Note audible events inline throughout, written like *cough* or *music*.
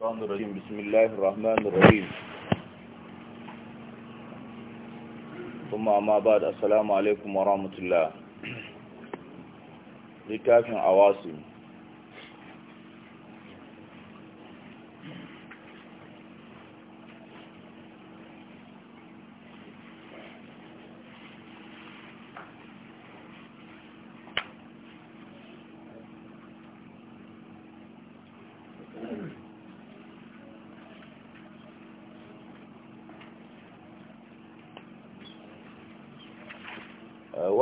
الشيطان الرجيم بسم الله الرحمن الرحيم ثم أما بعد السلام عليكم ورحمة الله لكاف عواصم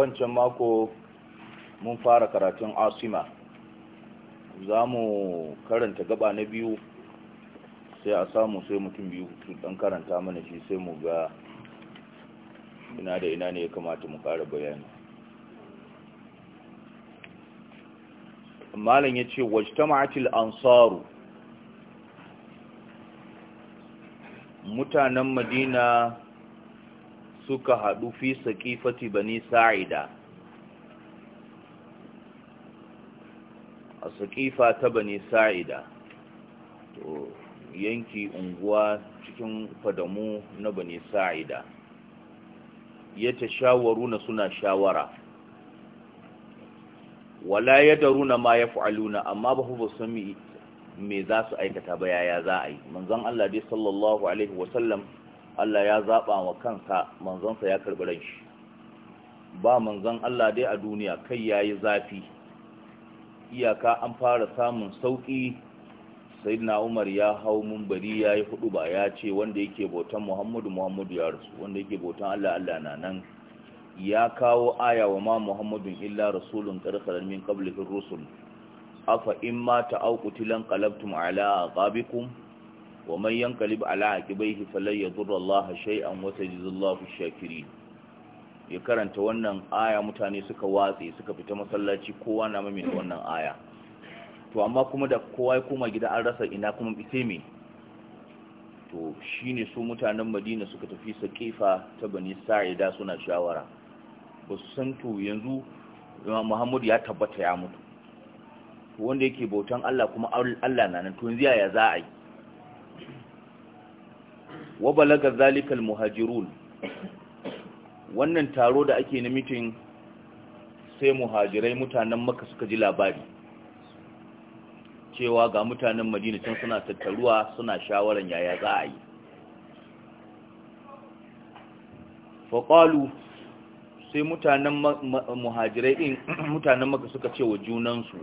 wancan mako mun fara karatun asima za mu karanta gaba na biyu sai a samu sai mutum biyu su dan karanta mana shi sai mu ga ina da ina ne ya kamata mu kara bayani malam ya ce wajtama'atil ansaru mutanen madina suka haɗu fi saƙifati bani sa'ida a saƙifa ta bani sa'ida to yanki unguwa cikin fadamu na bani sa'ida ya ta shawaru na suna shawara wala ya daru na ma ya fa'aluna amma ba ba sami me za su aikata ba yaya za a yi manzan Allah dai sallallahu Alaihi wasallam Allah ya zaɓa wa kansa manzonsa ya karɓi ran shi ba manzon Allah dai a duniya kai ya yi zafi iyaka an fara samun sauƙi sayyidina Umar ya hau mumbari ya yi hudu ba ya ce wanda yake bautan Muhammadu Muhammadu ya rasu wanda yake bautan Allah Allah na nan ya kawo aya wa ma Muhammadun illa rasulun karkhalan min qablihi rusul afa in ma ta'aw qutilan qalabtum ala aqabikum ومن ينقلب على عقبيه فلن يضر الله شيئا وسيجزي الله الشاكرين ya karanta wannan aya mutane suka watse suka fita masallaci kowa na mai wannan aya to amma kuma da kowa ya koma gida an rasa ina kuma bise me to shine su mutanen Madina suka tafi kifa ta Bani Sa'ida suna shawara ba su san to yanzu Muhammad ya tabbata ya mutu wanda yake bautan Allah kuma Allah na nan to yanzu ya za a yi wa balaga zalikal muhajirun wannan taro da ake na mitin sai muhajirai mutanen maka suka ji labari cewa ga mutanen madina can suna tattaruwa suna shawaran yaya za a yi faƙalu sai mutanen muhajirai in *clears throat* mutanen maka suka ce wa junansu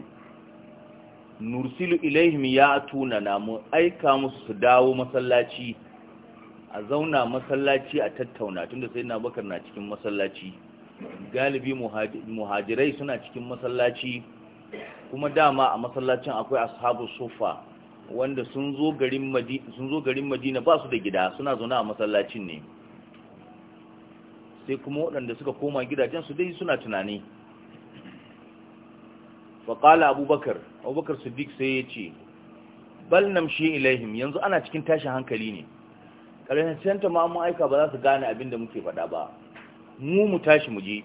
nursilu ilaihim ya tuna na mu aika musu su dawo masallaci a zauna masallaci a tattauna tunda sai na bakar na cikin masallaci galibi muhajirai suna cikin masallaci kuma dama a masallacin akwai ashabu sufa wanda sun zo garin madina ba su da gida suna zauna a masallacin ne sai kuma waɗanda suka koma gidajen su dai suna tunani faƙala abubakar abubakar siddiq sai ya ce bal namshi ilaihim yanzu ana cikin tashin hankali ne ƙarshen ta ma ma'aika aika ba za su gane abin da muke faɗa ba mu mu tashi mu je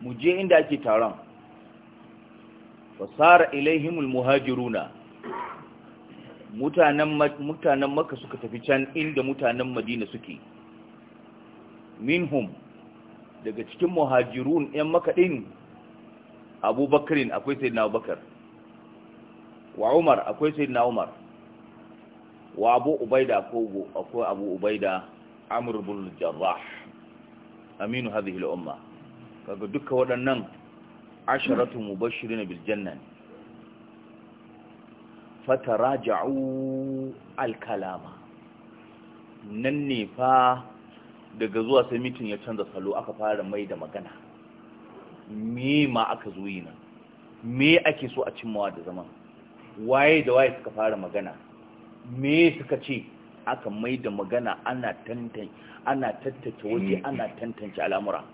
mu je inda ake taron fasara ilaihimul muhajiruna mutanen mutanen makka suka tafi can inda mutanen madina suke minhum daga cikin muhajirun yan makka din abubakarin akwai sayyidina abubakar wa umar akwai sayyidina umar wa abu ubaida ko akwai abu ubaida amr bin jarrah aminu hadhihi al-umma kaga duka waɗannan asharatu mubashirin bil janna fataraja'u al-kalama nan ne fa daga zuwa sai mitin ya canza salo aka fara mai da magana me ma aka zo yi nan me ake so a cimmawa da zaman waye da waye suka fara magana me suka ce aka mai da magana ana tantance ana tattace waje ana tantance al'amura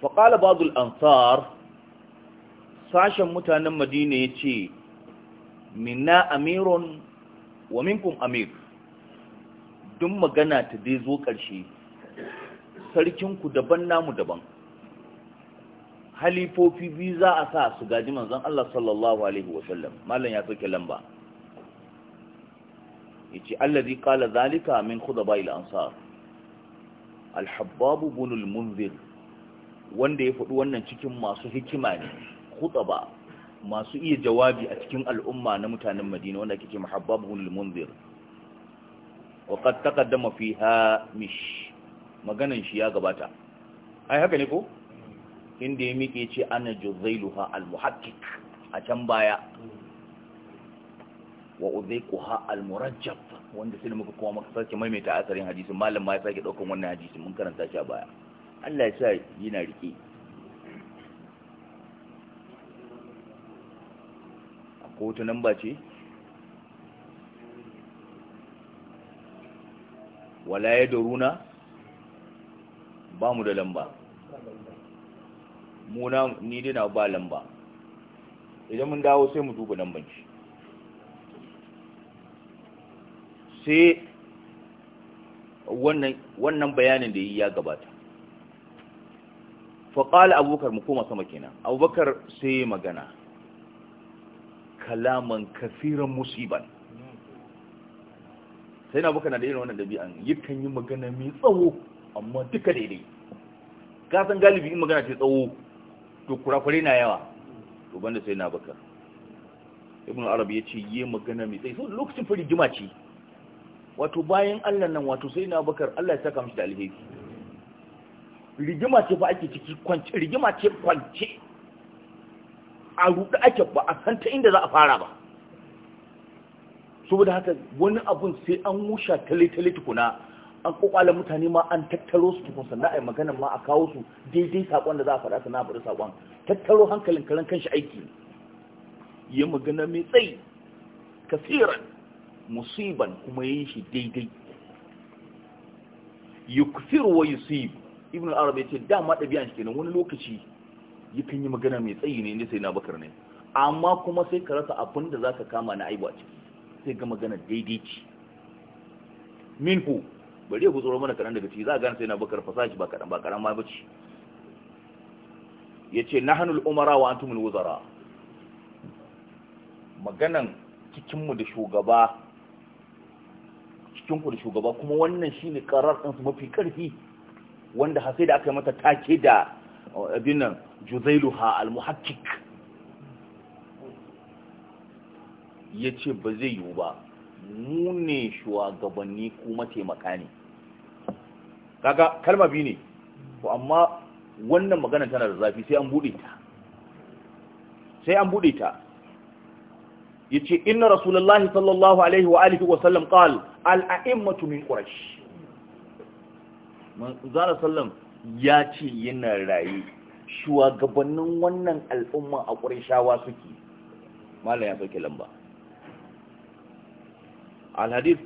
faƙala bazul ansar sashen mutanen madina ya ce minna Amiron wa minkum amir duk magana ta dai zo ƙarshe sarkinku daban namu daban halifofi biyu za a sa su gaji manzon Allah sallallahu alaihi wasallam mallan ya soke lamba yace allazi kala zalika min khudaba'il ansar al-habbab munzir wanda ya faɗi wannan cikin masu hikima ne ba masu iya jawabi a cikin al'umma na mutanen Madina wanda kike ce mahabbab ibn munzir wa qad taqaddama fiha mish maganan shi ya gabata ai haka ne ko inda ya miƙe ce ana juzailuha al muhaqqiq a can baya wa uzaiquha al-murajjab wanda sai muka kuma muka sake maimaita asarin hadisi, malam ma ya sake daukan wannan hadisin mun karanta shi a baya Allah ya sa yana rike ko ta ba ce wala ya doruna ba mu da lamba muna ni dina ba lamba idan mun dawo sai mu duba lamban shi sai wannan wannan bayanin da yi ya gabata faƙala abubakar mu koma sama kenan abubakar sai magana kalaman kafiran musiban sai na buka na da irin wannan dabi'an yakan yi magana mai tsawo amma duka daidai ka san galibi in magana ce tsawo to kurakure na yawa to banda sai na bakar ibn arabi ya ce yi magana mai tsayi. so lokacin fari jima ce wato bayan allah nan wato sai na bakar allah ya saka mishi da alheri rigima ce fa ake ciki kwance rigima ce kwance a ruɗe ake ba a san ta inda za a fara ba saboda haka wani abun sai an wusha tale-tale tukuna an kokwala mutane ma an tattaro su tukun sannan a yi magana ma a kawo su daidai sakon da za a faɗa na a faɗi sakon tattaro hankalin karan kanshi aiki yi magana mai tsayi kasiran musiban kuma yi shi daidai yukfir wa yusib ibn al-arabi dama dabi'an shi kenan wani lokaci yakan yi magana mai tsayi ne inda sai na bakar ne amma kuma sai ka rasa abin da za ka kama na aibu a ciki sai ga magana daidai ce ku. bari ya gutsuro mana kaɗan daga ciki za a gane sai na bakar fasashi ba kaɗan ba kaɗan ma ci ya ce na hannun umara wa an tumul wuzara maganan cikinmu da shugaba cikinku da shugaba kuma wannan shi ne karar ɗansu mafi ƙarfi wanda hasai da aka yi mata take da abin nan ha al-muhakkik ya ce ba zai yiwu ba mu ne shugabanni ku mataimaka ne kaga kalma bi ne to amma wannan magana tana da zafi sai an bude ta sai an bude ta yace inna rasulullahi sallallahu alaihi wa alihi wa sallam qal al a'immatu min quraish manzara sallam ya ce yana raye shugabannin wannan al'umma a quraishawa suke mallan ya sauke lamba al-hadith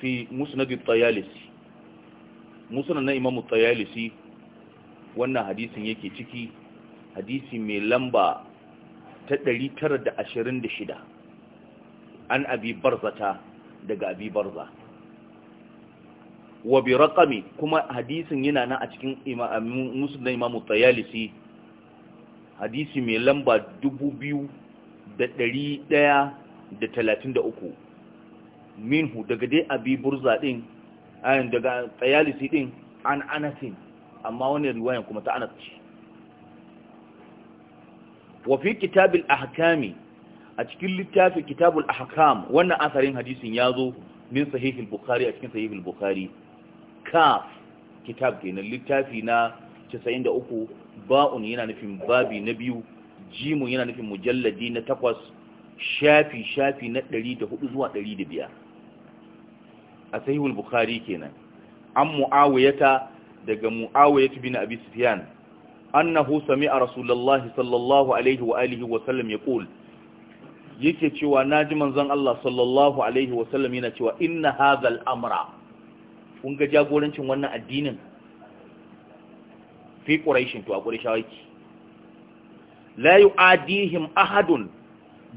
fi musnad at-tayalisi musnad na imam at-tayalisi wannan hadisin yake ciki hadisi mai lamba ta 926 an abi barzata daga abi barza wa bi raqami kuma hadisin yana nan a cikin musnad na imam at-tayalisi hadisi mai lamba da 2133 minhu daga dai abi burza din ayin daga tsayalisi din an anasin amma wani riwayan kuma ta anas wafi wa kitabil ahkami a cikin littafin kitabul ahkam wannan asarin hadisin ya zo min sahihul bukhari a cikin sahihul bukhari kaf kitab kenan littafi na 93 ba'un yana nufin babi na biyu jimun yana nufin mujalladi na takwas shafi shafi na 104 zuwa 105 a sahihul bukhari kenan an mu'awiyata daga mu'awiyatu bin abi sufyan annahu sami'a rasulullahi sallallahu alaihi wa alihi wa sallam yaqul yake cewa naji manzon Allah sallallahu alaihi wa sallam yana cewa inna hadhal amra kun ga jagorancin wannan addinin fi quraishin to a quraishawa yake la yu'adihim ahadun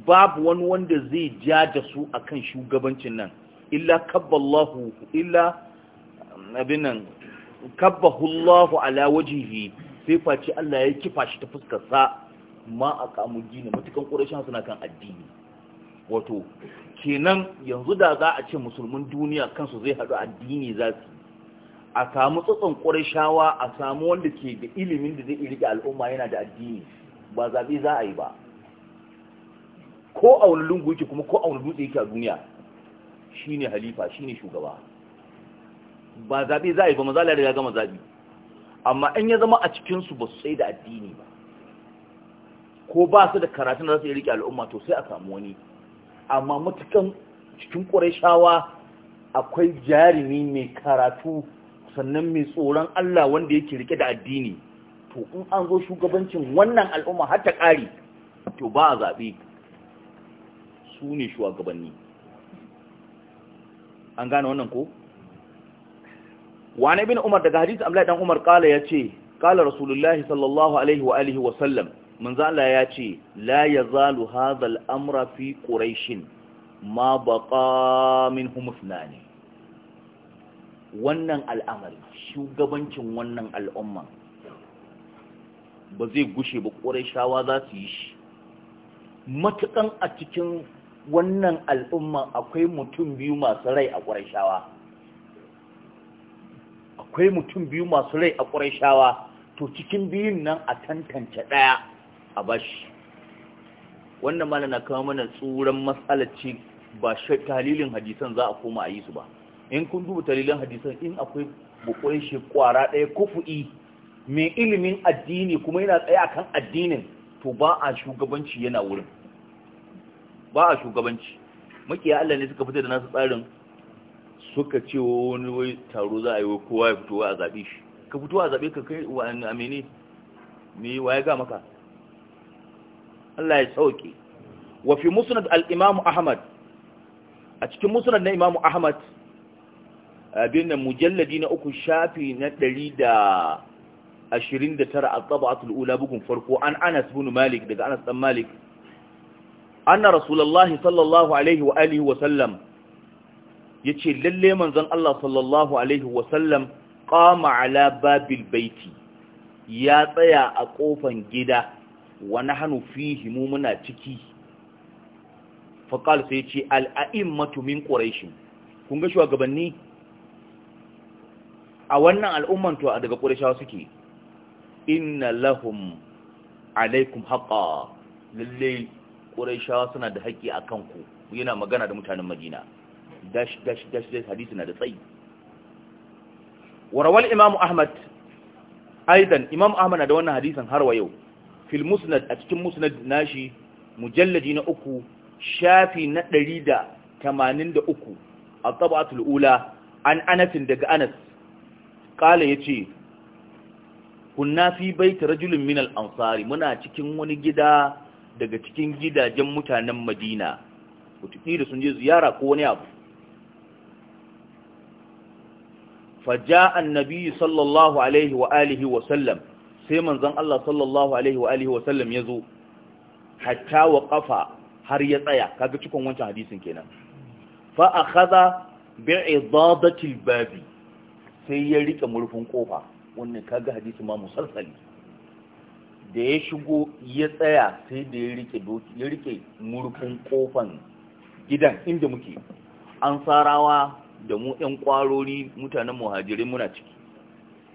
babu wani wanda zai ja da su akan shugabancin nan illa kabballahu illa abinan kabbahullahu ala wajihi sai face Allah ya kifa shi ta fuskar sa ma a kamun dini matukan ƙorashin suna kan addini wato kenan yanzu da za a ce musulmin duniya kansu zai haɗu addini za su a samu tsotson ƙorashawa a samu wanda ke da ilimin da zai riƙe al'umma yana da addini ba zaɓe za a yi ba ko a wani lungu yake kuma ko a wani dutse yake a duniya shine halifa shine shugaba ba zaɓe za a yi ba mazala da ya gama zaɓe amma in ya zama a cikinsu ba su tsaye da addini ba ko ba su da karatun da za su yi riƙe al'umma to sai a samu wani amma matukan cikin ƙwarai akwai jarumi mai karatu sannan mai tsoron Allah wanda yake rike da addini to in an zo shugabancin wannan al'umma har ta ƙari to ba a zaɓe su ne shugabanni an gane wannan ko wani bin umar daga hadisi amla dan umar kala ya ce kala rasulullahi sallallahu alaihi wa alihi wasallam sallam manzala ya ce la ya zalu al-amra fi quraishin ma humus na ne. wannan al'amari shugabancin wannan al'umma ba zai gushe ba ƙuraishawa za su yi shi matukan a cikin wannan al'umma akwai mutum biyu masu rai a ƙurashawa akwai mutum biyu masu rai a to cikin biyun nan a tantance ɗaya a bashi wannan mana na kama mana tsoron matsalaci ba talilin hadisan za a koma a yi su ba in kun duba talilin hadisan in akwai bukwai shi kwara ɗaya kufu'i mai ilimin addini kuma yana tsaye akan addinin to ba a shugabanci yana wurin ba a shugabanci makiya Allah ne suka fita da nasu tsarin suka ce wani wai taro za a yi kowa ya fito a zaɓe shi ka fito a zaɓe ka kai wa amini me waye ga maka Allah ya sauke wa fi musnad al-imam ahmad a cikin musnad na imam ahmad abin da mujalladi na uku shafi na ɗari da da ashirin tara a tabatul ula bugun farko an Anas bin Malik daga Anas dan Malik anna rasulullahi sallallahu alaihi wa alihi wa sallam yace lalle manzon Allah sallallahu alaihi wa sallam qama ala babil baiti ya tsaya a kofan gida wa nahnu fihi mu muna ciki fa qal sai yace al a'immatu min quraish kun ga shugabanni a wannan al'umman to daga qurayshawa suke inna lahum alaikum haqqan lalle ƙuraishawa suna da haƙƙi a kanku yana magana da mutanen madina dash dash dash dash hadisi na da tsayi warawal imamu ahmad aidan imam ahmad na da wannan hadisin har wa yau fil musnad a cikin musnad nashi mujalladi na uku shafi na ɗari da tamanin da uku a tabatul ula an anasin daga anas ƙala ya ce kunna fi baita rajulun minal ansari muna cikin wani gida daga cikin gidajen mutanen madina da sun je ziyara ko wani abu faja annabi sallallahu alaihi wa alihi wa sallam sai manzon Allah sallallahu alaihi wa alihi wa sallam ya zo hatta wa kafa har ya tsaya kaga cikon wancan hadisin kenan fa akhadha bi'idadati babi sai ya rike murfin kofa wannan kaga hadisi ma musalsali da ya shigo ya tsaya sai da ya rike doki ya rike murfin kofan gidan inda muke an sarawa da mu ɗan ƙwarori mutanen muhajirai muna ciki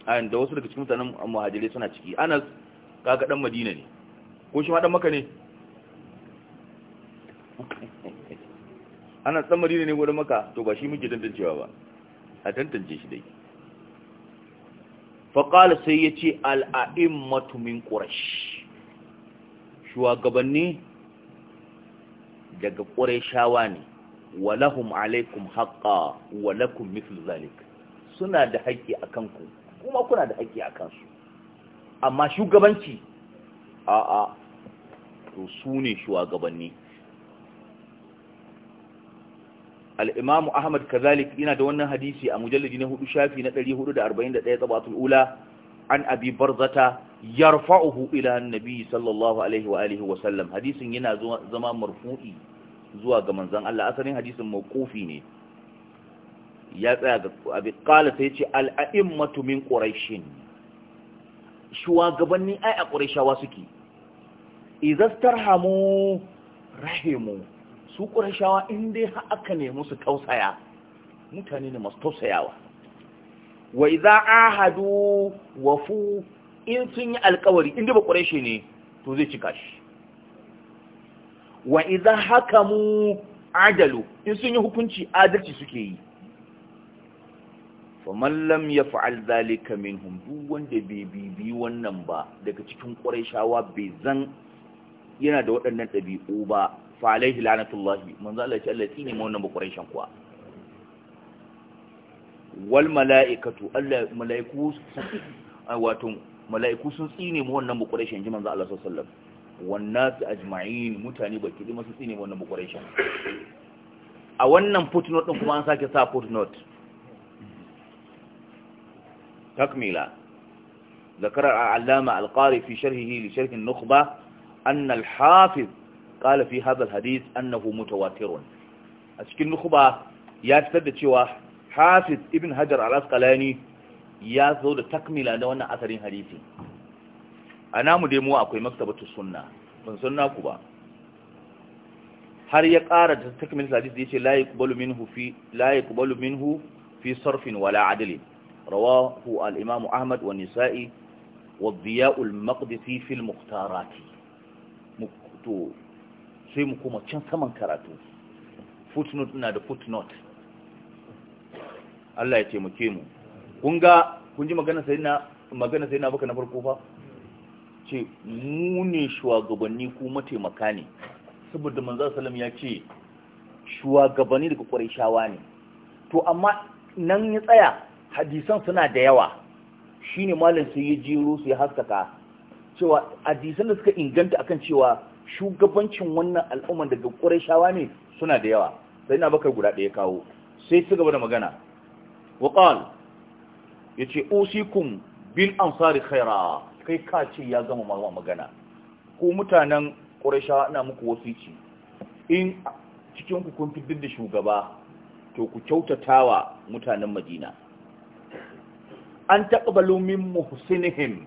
ayin da wasu daga cikin mutanen muhajirai suna ciki anas kaga ɗan madina ne ko shi ma ɗan maka ne *laughs* anas ɗan madina ne ko ɗan maka to ba shi muke tantancewa ba a tantance shi dai faƙala sai ya ce al’a’in matumin ƙurash shugabanni daga ƙurashawa ne walahum alaikum haƙa walakum mithlu zalik suna da haƙƙi a kanku kuma kuna da haƙƙi a kansu amma shugabanci 'a to su ne shugabanni al-imam ahmad kazalik yana da wannan hadisi a mujalladi na hudu shafi na 441 tabatul ula an abi barzata yarfa'uhu ila annabi sallallahu alaihi wa wa sallam hadisin yana zama marfu'i zuwa ga manzon Allah asalin hadisin mawqufi ne ya tsaya ga abi qala sai ce al-a'immatu min quraishin shugabanni ai a quraishawa suke idza starhamu rahimu su ƙurashawa in dai aka nemi su tausaya mutane ne masu tausayawa wa idza ahadu wafu in sun yi alkawari in ba ƙurashi ne to zai cika shi wa idza hakamu adalu in sun yi hukunci adalci suke yi faman lam ya fa'al zalika minhum wanda bai bibi wannan ba daga cikin ƙurashawa bai zan yana da waɗannan ɗabi'u ba fa alaihi lanatullahi manzo Allah ce Allah tsine mu wannan bakuraishan kuwa wal malaikatu Allah malaiku wato malaiku sun tsine mu wannan bakuraishan ji manzo Allah sallallahu alaihi wasallam wannan ajma'in mutane baki dai masu tsine mu wannan bakuraishan a wannan footnote din kuma an sake sa footnote takmila ذكر العلامة القاري في شرحه لشرح النخبة أن الحافظ qala fi hadha alhadith annahu mutawatirun a cikin nukuba ya fitar da cewa hafiz Ibin hajar al-asqalani ya zo da takmila da wannan asarin hadisi a namu dai mu akwai maktabatu sunna ban sunna ku ba har ya ƙara da takmil hadis da ce la yaqbalu minhu fi la yaqbalu minhu fi sarfin wala adl rawahu al-imam ahmad wa nisa'i wa dhiya'u al-maqdisi fi al-mukhtarat sai mu koma can saman karatu footnote na da footnote Allah ya ce mu ke mu kun ga kun ji magana sai na magana sai na baka na farko fa ce mu ne shugabanni ko mataimaka ne saboda manzo sallam ya ce shugabanni daga shawa ne to amma nan ya tsaya hadisan suna da yawa shine malam sai ya jiro sai haskaka cewa hadisan da suka inganta akan cewa shugabancin wannan al'umman daga ƙurashawa ne suna da yawa sai na bakar guda ɗaya kawo sai su gaba da magana waƙal ya ce usikun bil ansari khaira kai ka ce ya gama mawa magana ko mutanen ƙurashawa ina muku wasici in cikin ku kun fitar da shugaba to ku wa mutanen madina an taƙabalo min muhsinihim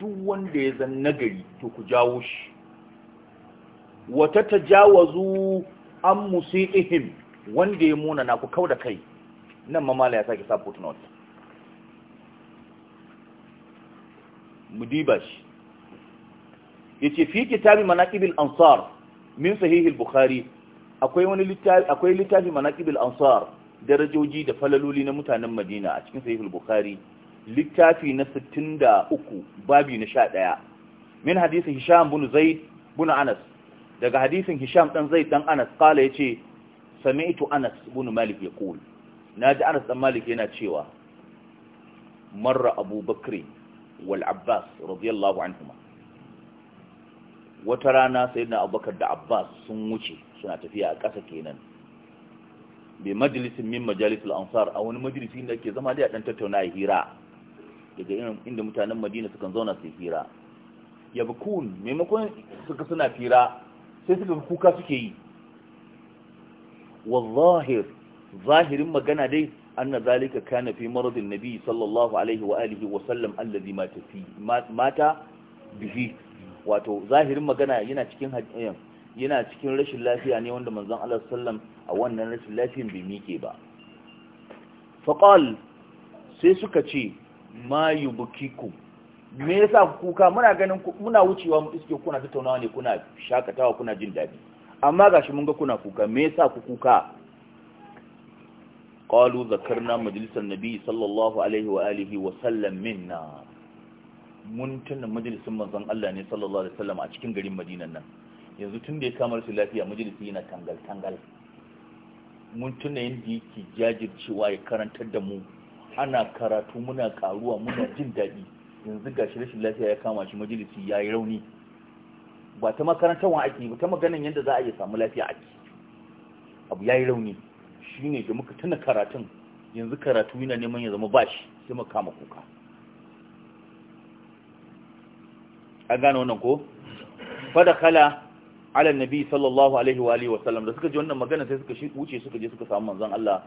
duk wanda ya zan nagari to ku jawo shi wa tatajawazu an musiihim wanda ya muna na ku kauda kai nan mamala ya sake sa footnote mudibash yace fi kitabi manaqibil ansar min sahih al-bukhari akwai wani littafi akwai littafi manaqibil ansar darajoji da falaloli na mutanen Madina a cikin sahih al-bukhari littafi na 63 babi na 11 min hadisi hisham bin zaid bin anas daga hadisin hisham dan zaid dan anas kala yace sami'tu anas ibn malik yaqul naji anas dan malik yana cewa marra abubakar wal abbas radiyallahu anhuma wata rana sayyidina abubakar da abbas sun wuce suna tafiya a ƙasa kenan bi majalisin min majalisul ansar a wani majalisi inda ke zama dai a dan tattauna hira daga inda mutanen madina sukan zauna su hira yabkun maimakon suka suna hira. sai suka kuka suke yi wallahir zahirin magana dai anna zalika kana fi maradin nabi sallallahu alaihi wa alihi wa sallam allazi mata fi mata bihi wato zahirin magana yana cikin eh, yana cikin rashin lafiya ne wanda manzon Allah sallam a wannan rashin lafiyan bai mike ba faqal sai suka ce ma yubkikum me yasa kuka muna ganin muna wucewa mu iske kuna tattaunawa ne kuna shakatawa kuna jin daɗi amma gashi mun ga kuna kuka me yasa ku kuka qalu zakarna majlisan nabi sallallahu alaihi wa alihi wa sallam minna mun tuna majlisin manzon Allah ne sallallahu alaihi wasallam a cikin garin Madinan nan yanzu tun da ya kamar su lafiya majlisi yana tangal tangal mun tuna yanda yake jajircewa ya karantar da mu ana karatu muna karuwa muna jin daɗi yanzu ga shi rashin lafiya ya kama shi majalisi ya yi rauni ba ta makarantar wa ake ba ta maganin yadda za a iya samu lafiya ake abu ya yi rauni shi ne da muka tuna karatun yanzu karatu yana neman ya zama bashi sai mu kama kuka a gane wannan ko fada kala ala nabi sallallahu alaihi wa alihi wasallam da suka ji wannan magana sai suka shi wuce suka je suka samu manzon Allah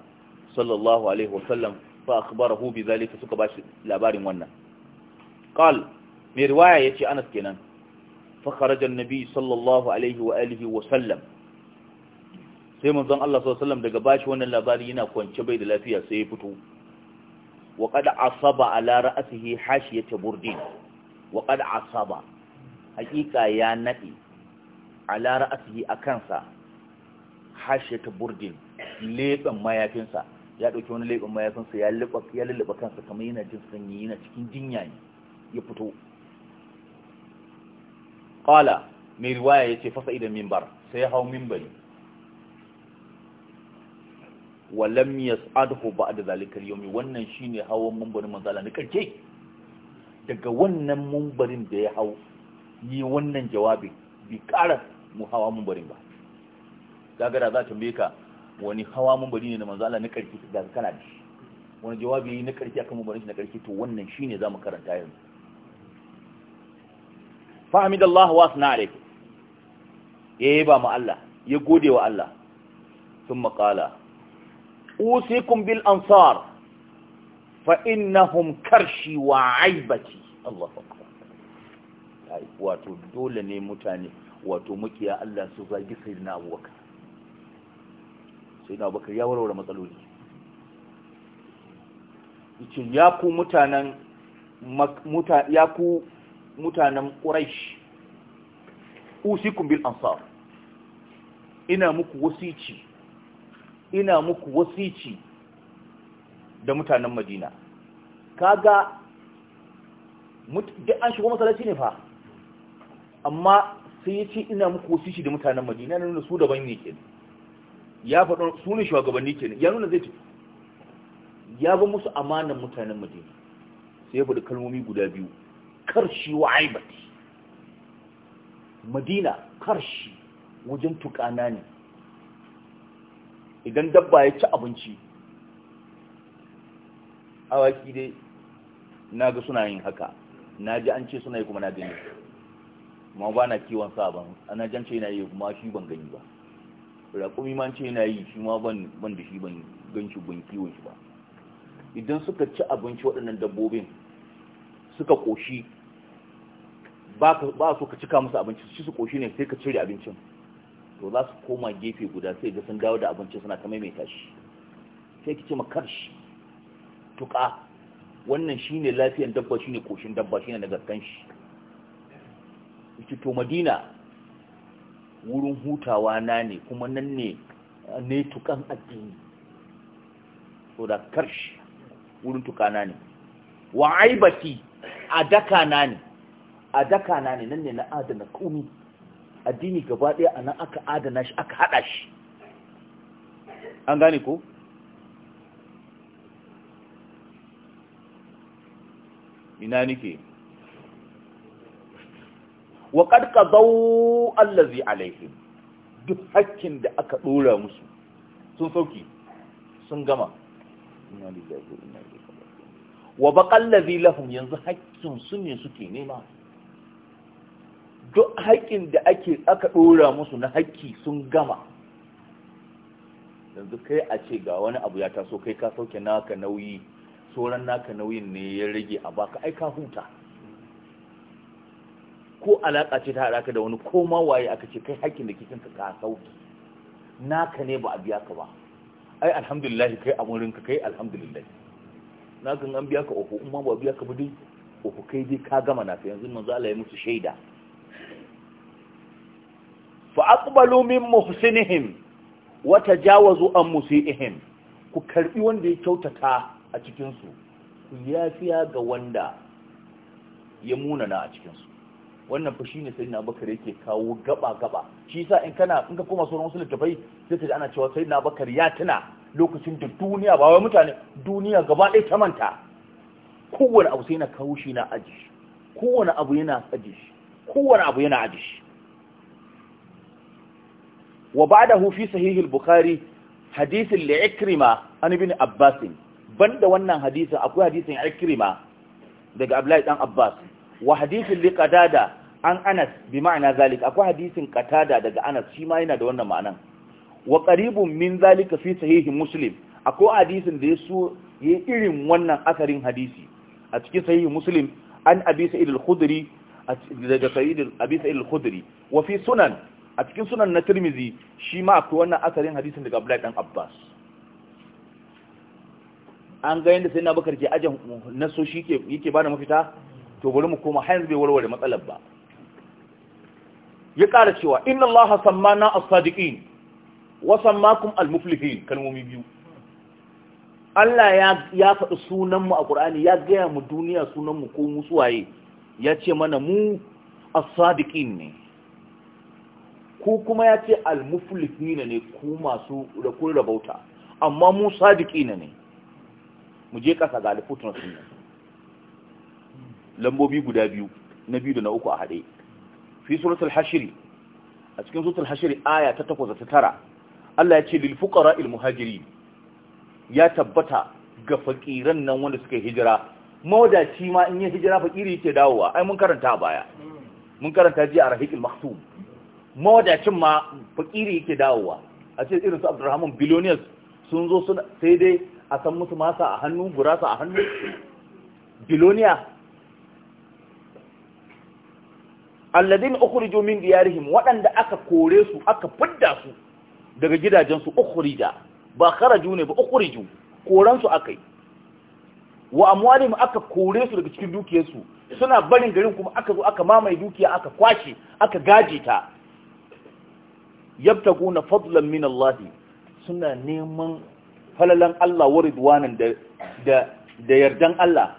sallallahu alaihi wasallam fa akhbarahu bi zalika suka bashi labarin wannan qal mai riwaya ce Anas kenan fa kharaja annabi sallallahu alaihi wa alihi wa sallam sai manzon Allah sallallahu daga bashi wannan labari yana kwance bai da lafiya sai ya fito wa qad asaba ala ra'sihi hashiyata burdin wa qad asaba hakika ya nadi ala kansa, burdin leban mayafinsa ya dauki wani laifin mayafinsa ya lulluba kansa kamar yana jin sanyi yana cikin jinya ne ya fito qala mai riwaya yace fasa idan minbar sai ya hau mimbari. walam yas'adhu ba'da zalika al-yawm wannan ne hawan minbarin manzala na karke daga wannan minbarin da ya hau yi wannan jawabin bi ƙara mu hawa minbarin ba Gagara za ta ka wani hawa minbari ne na manzala na karke da kana da shi wani jawabi na karke akan minbarin shi na karke to wannan shi shine zamu karanta yanzu fahimid Allah wa suna alai ya yi ba mu Allah ya gode wa Allah sun makala usikun bil ansar fa innahum karshi wa aibati Allah wato dole ne mutane wato mukiya Allah su zagi sai na abubakar sai na abubakar ya warware matsaloli yace ya ku mutanen ya ku mutanen Quraysh usikum bil ansar ina muku wasici ina muku wasici da mutanen madina kaga duk an shigo masallaci ne fa amma sai ya ce ina muku wasici da mutanen madina na nuna su daban ne ke ya faɗo su ne shugabanni ke ya nuna zai tafi ya ba musu amanan mutanen madina sai ya faɗi kalmomi guda biyu karshi wa aibati madina karshi wajen tukana ne idan dabba ya ci abinci awaki dai na ga suna yin haka na ji an ce suna yi kuma na gani ma ba na kiwon sabon ana jan ce yana yi kuma shi ban gani ba raƙumi ma ce yana yi shi ma ban da shi ban ganci ban kiwon shi ba idan suka ci abinci waɗannan dabbobin suka ƙoshi ba so ka cika musu abinci su ci su koshi ne sai ka cire abincin to za su koma gefe guda sai ga sun dawo da abincin suna ta maimaita shi sai ki ce ma karshe tuka wannan shi ne lafiyan dabba shi ne koshin dabba shi na nagartan shi ki to madina wurin hutawa na ne kuma nan ne ne tukan addini So da karshe wurin tuka na ne wa aibati daka na ne a daka na ne nan ne na adana komi addini gaba daya a nan aka adana shi aka haɗa shi an gane ko ina nike wa ƙarƙa zau allazi alaihim duk hakkin da aka ɗora musu sun sauki sun gama wa baƙallazi lahum yanzu hakkin su ne suke nema duk haƙƙin da ake aka ɗora musu na haƙƙi sun gama yanzu kai a ce ga wani abu ya taso kai ka sauke naka nauyi sauran naka nauyin ne ya rage a baka ai ka huta ko alaƙa ce ta haɗaka da wani ko ma waye aka ce kai haƙƙin da kikin ka sauki naka ne ba a biya ka ba ai alhamdulillah kai a ka kai alhamdulillah na kan an biya ka oho in ma ba biya ka ba dai oho kai dai ka gama naka yanzu manzo Allah ya musu shaida fa aqbalu min muhsinihim wa tajawazu an musiihim ku karbi wanda ya kyautata a cikin su ku yafiya ga wanda ya munana a cikin su wannan fa shine na bakar yake kawo gaba gaba shi yasa in kana in ka koma sauran wasu littafai sai ka ji ana cewa na bakar ya tuna lokacin da duniya ba wai mutane duniya gaba ɗaya ta manta kowane abu sai na kawo shi na aji kowane abu yana aji kowane abu yana aji wa ba'dahu fi sahih al-bukhari hadith al-ikrima an ibn abbas banda wannan hadisin akwai hadisin ikrima daga abdullahi dan abbas wa hadithin li an anas bi ma'ana zalika. akwai hadisin qatada daga anas shi ma yana da wannan ma'anan wa qaribun min zalika fi sahihi muslim akwai hadisin da yaso yi irin wannan asarin hadisi a cikin sahihi muslim an abi sa'id al-khudri daga sa'id abi sa'id al-khudri wa fi sunan a cikin sunan na tirmizi shi ma akwai wannan asarin hadisin daga abdullahi dan abbas an ga yadda sai na bakar ke ajin naso shi yake ba da mafita to bari mu koma hanyar bai warware matsalar ba ya ƙara cewa inna allaha sammana as-sadiqin wa sammakum al-muflihin kalmomi biyu Allah ya ya faɗi sunanmu a Qur'ani ya gaya mu duniya sunanmu ko mu suwaye ya ce mana mu as-sadiqin ne Ku kuma ya ce almuflifina ne ku masu da rabauta amma mu na ne mu je kasa ga alfutun sunna lambobi guda biyu na biyu da na uku a haɗe fi suratul hashri a cikin suratul hashiri aya ta takwas ta tara, Allah ya ce lil ilmu hajiri ya tabbata ga fakiran nan wanda suka hijira mawadaci ma in yi hijira fakiri yake dawowa ai mun karanta a baya mun karanta ji a rahiqil maktum mawadacin ma fakiri yake dawowa a ce irin su abdurrahman billionaires sun zo suna sai dai a san musu masa a hannu gurasa a hannu biloniya alladin ukhriju min diyarihim waɗanda aka kore su aka fidda su daga gidajensu ukhrija ba kharaju ne ba ukhriju koran su akai wa amwalihim aka kore su daga cikin dukiyarsu suna barin garin kuma aka zo aka mamaye dukiya aka kwashe aka gaje ta yabtaguna fadlan min Allah suna neman falalan Allah wa ridwanan da da da yardan Allah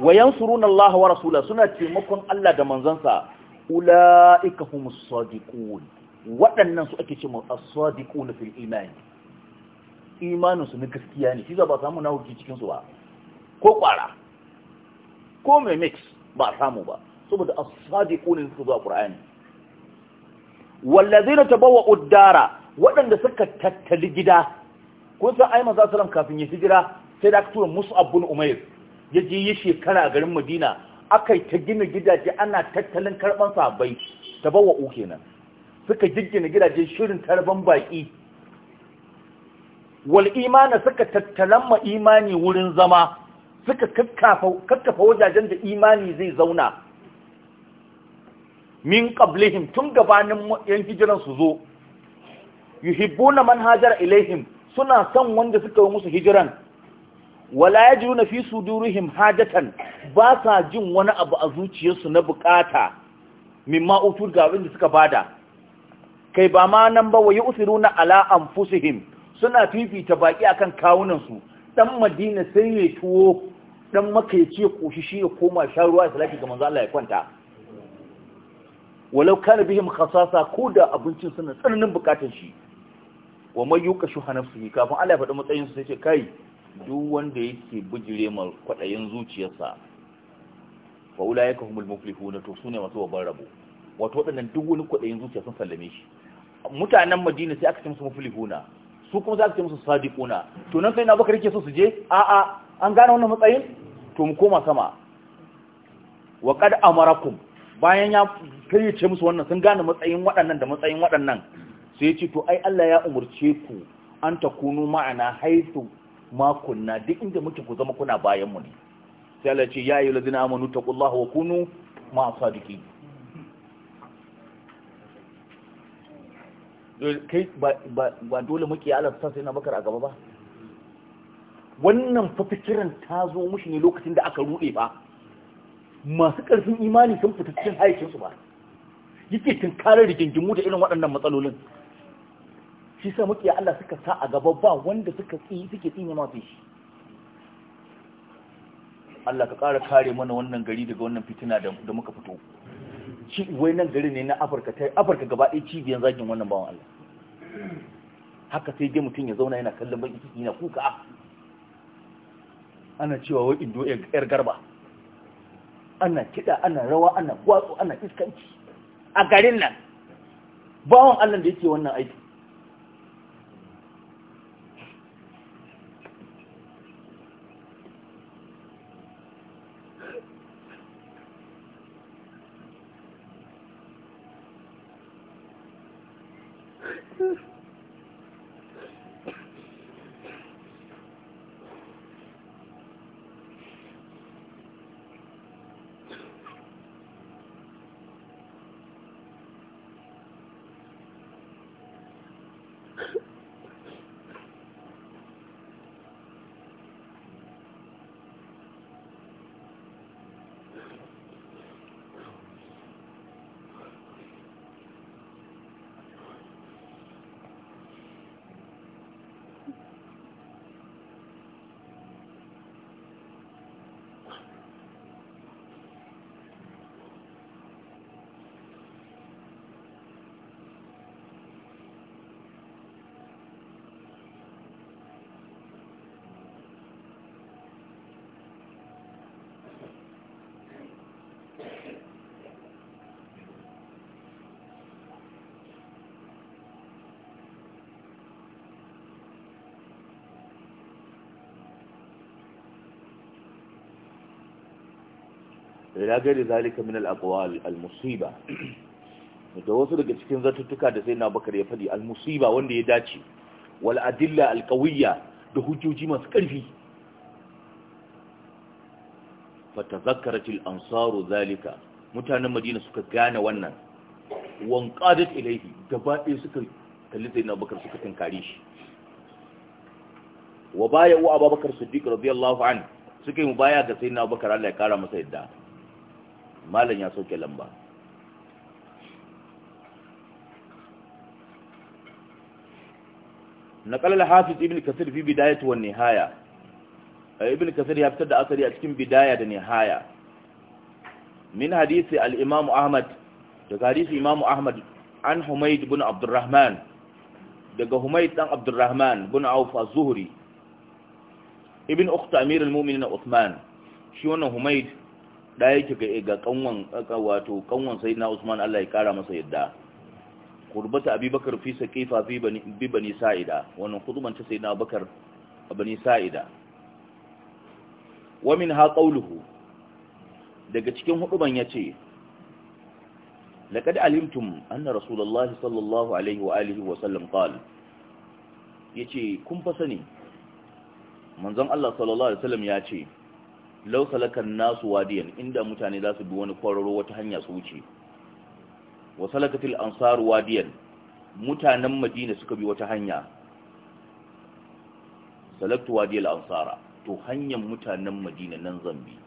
wa yansuruna Allah wa rasula suna taimakon Allah da manzansa ulaika humus sadiqun waɗannan su ake cewa as-sadiqun fil iman imanin su na gaskiya ne shi ba samu nawuki cikin su ba ko kwara ko mai mix ba samu ba saboda as-sadiqun su qur'ani wallazina na ad-dara waɗanda suka tattali gida kun san ai manzo sallam kafin ya hijira sai da aka tura musu abun Umair ya je yi shekara a garin Madina Aka yi ta gina gidaje ana tattalin karɓar karban sahabbai tabawwa'u kenan suka giggina gidaje shirin tarban baƙi. wal imana suka tattalan ma imani wurin zama suka kakkafa wajajen da imani zai zauna min qablihim tun gabanin yan hijiran su zo yuhibbuna man hajara ilaihim suna son wanda suka yi musu hijiran wala yajiduna fi sudurihim hajatan ba sa jin wani abu a zuciyarsu na bukata ma utur ga abin da suka bada kai ba ma nan ba wayi usiruna ala anfusihim suna fifita baki akan kawunan su dan madina sai ya tuwo dan maka ya ce koshi shi ya koma sha ya salati ga manzo Allah ya kwanta walau kana bihim khasasa ko da abincin suna tsananin bukatar shi wa mai yuka shuha nafsihi kafin Allah ya faɗi matsayin su sai ce kai duk wanda yake bujire mal kwadayin zuciyarsa fa ulaika humul muflihuna to sune masu babban rabo wato wadannan duk wani kwadayin zuciya sun sallame shi mutanen Madina sai aka ce musu muflihuna su kuma za su ce musu sadiquna to nan sai na baka rike so su je a'a an gane wannan matsayin to mu koma sama wa qad amarakum bayan ya kayyace musu wannan sun gane matsayin waɗannan da matsayin waɗannan sai ya ce to ai Allah ya umurce ku an takunu ma'ana haitu makunna duk inda muke ku zama kuna bayan mu ne sai Allah ce ya yi ladina amanu taqullaha wa kunu ma'a sadiqin kai ba dole muke Allah sa sai na bakar a gaba ba wannan fafikiran ta zo mushi ne lokacin da aka rude ba masu ƙarfin imani sun fita cikin haikinsu ba yake tunkarar rigingimu da irin waɗannan matsalolin shi sa muke Allah suka sa a gaba ba wanda suka tsi suke tsinye mafi shi Allah ka ƙara kare mana wannan gari daga wannan fitina da muka fito shi wai nan gari ne na Afirka ta Afirka gaba ɗaya cibiyar zagin wannan bawan Allah haka sai dai mutum ya zauna yana kallon baki yana kuka ana cewa wai indo yar garba ana kiɗa ana rawa ana gwatsu ana iskanci a garin nan bawan Allah da yake wannan aiki Thank *laughs* you. ila gari zalika min al-aqwal al-musiba da wasu daga cikin zatuttuka da sai na bakar ya fadi al-musiba wanda ya dace wal adilla al-qawiyya da hujjoji masu ƙarfi fatazakkaratil ansaru zalika mutanen madina suka gane wannan wanqadat ilayhi gaba ɗaya suka kalli sai na bakar suka tinkare shi wa baya wa abubakar siddiq radiyallahu anhu suka yi mubaya ga sayyidina abubakar Allah ya kara masa yadda malam ya soke lamba نقل الحافظ ابن كثير في بداية والنهاية ابن كثير يبتدى أثري أتكين بداية ونهاية من حديث الإمام أحمد daga hadisi Imam Ahmad an Humayd bin Abdurrahman daga Humayd dan Abdurrahman bin Auf az-Zuhri ibn ukht Amir al-Mu'minin Uthman shi wannan Humayd da yake ga ga kanwan wato kanwan sayyidina Usman Allah ya kara masa yadda qurbata abubakar fi saqifa fi bani bani sa'ida wannan khutban ta sayyidina Abubakar bani sa'ida wa minha qawluhu daga cikin huduban yace laqad alimtum anna rasulullahi sallallahu alaihi wa alihi wa sallam qala yace kun fa sani manzon Allah sallallahu alaihi wasallam ya ce lausalakan nasu wadiyan inda mutane za su bi wani kwararo wata hanya su wuce wa salakatil ansar wadiyan mutanen madina suka bi wata hanya salaktu wadiyal ansara to hanyar mutanen madina nan zambi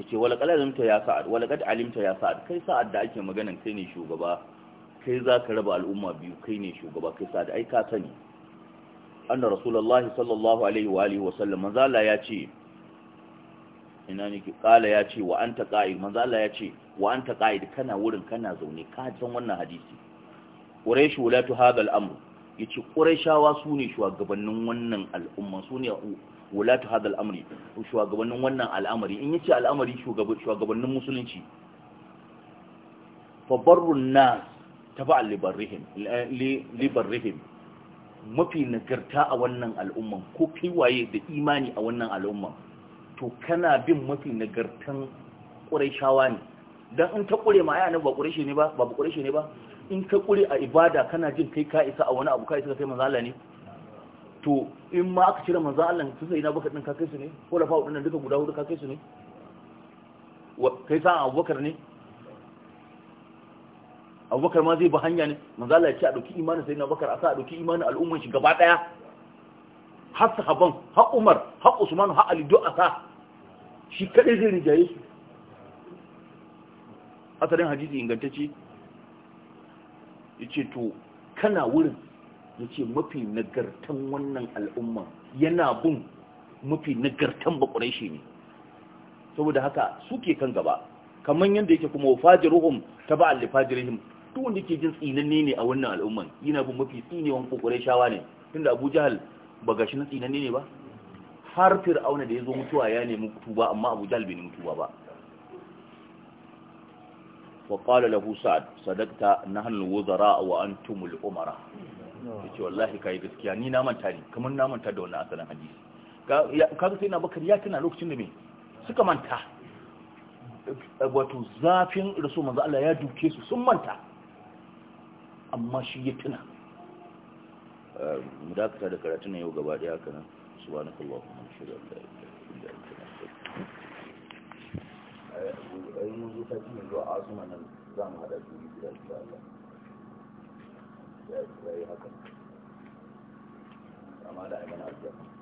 ya ce walakad alimta ya sa'ad kai sa'ad da ake maganan kai ne shugaba kai za ka raba al'umma biyu kai ne shugaba kai sa'ad ai ka sani Ana rasulullahi sallallahu alaihi wa alihi wasallam ya ce ina ne ki kala ya ce wa anta qa'id manzo Allah ya ce wa anta qa'id kana wurin kana zaune ka san wannan hadisi quraish wulatu hadha al-amr yace quraishawa su ne shugabannin wannan al'umma su ne wulatu hadha wannan al'amari in yace al'amari shugabannin musulunci fa mafi nagarta a wannan al'umman ko kai waye da imani a wannan al'umman to kana bin mafi nagartan ƙurashawa ne Don in ta ƙure ma ai annabi ba ƙureshi ne ba ba ƙureshi ne ba in ka ƙure a ibada kana jin kai ka isa a wani abu ka isa kai mazala ne to in ma aka cire manzo ne sun sai na baka din ka kai su ne ko da fa'u din duka guda hudu ka kai su ne kai sa Abubakar ne abubakar ma zai ba hanya ne manzala ya ce a ɗauki imanin sai na abubakar a sa a ɗauki imanin al'umman shi gaba ɗaya har sahaban har umar har usman har ali duk a sa shi kaɗai zai rijaye su asalin hadisi ingantacce ya ce to kana wurin ya ce mafi nagartan wannan al'umma yana bin mafi nagartan bakwarai shi ne saboda haka suke kan gaba kamar yadda yake kuma fajiruhum ta ba'al duk wanda ke jin tsinanne ne a wannan al'umman yana bin mafi tsinewan kokore shawa ne tunda abu jahal ba gashi na tsinanne ne ba har fir'auna da ya zo mutuwa ya nemi ba amma abu jahal bai nemi tuba ba wa qala lahu sa'ad sadaqta nahnu al-wuzara wa antum al-umara yace wallahi kai gaskiya ni na manta ne kamar na manta da wannan asalin hadisi ka sai na bakar ya tana lokacin da me suka manta wato zafin rasu manzo Allah ya duke su sun manta amma shi ya tuna mu dakata da karatu na yau gaba daya haka nan wa ai mun zo ta cikin zuwa asuma nan za mu hada su da Allah ya yi haka amma da ai mana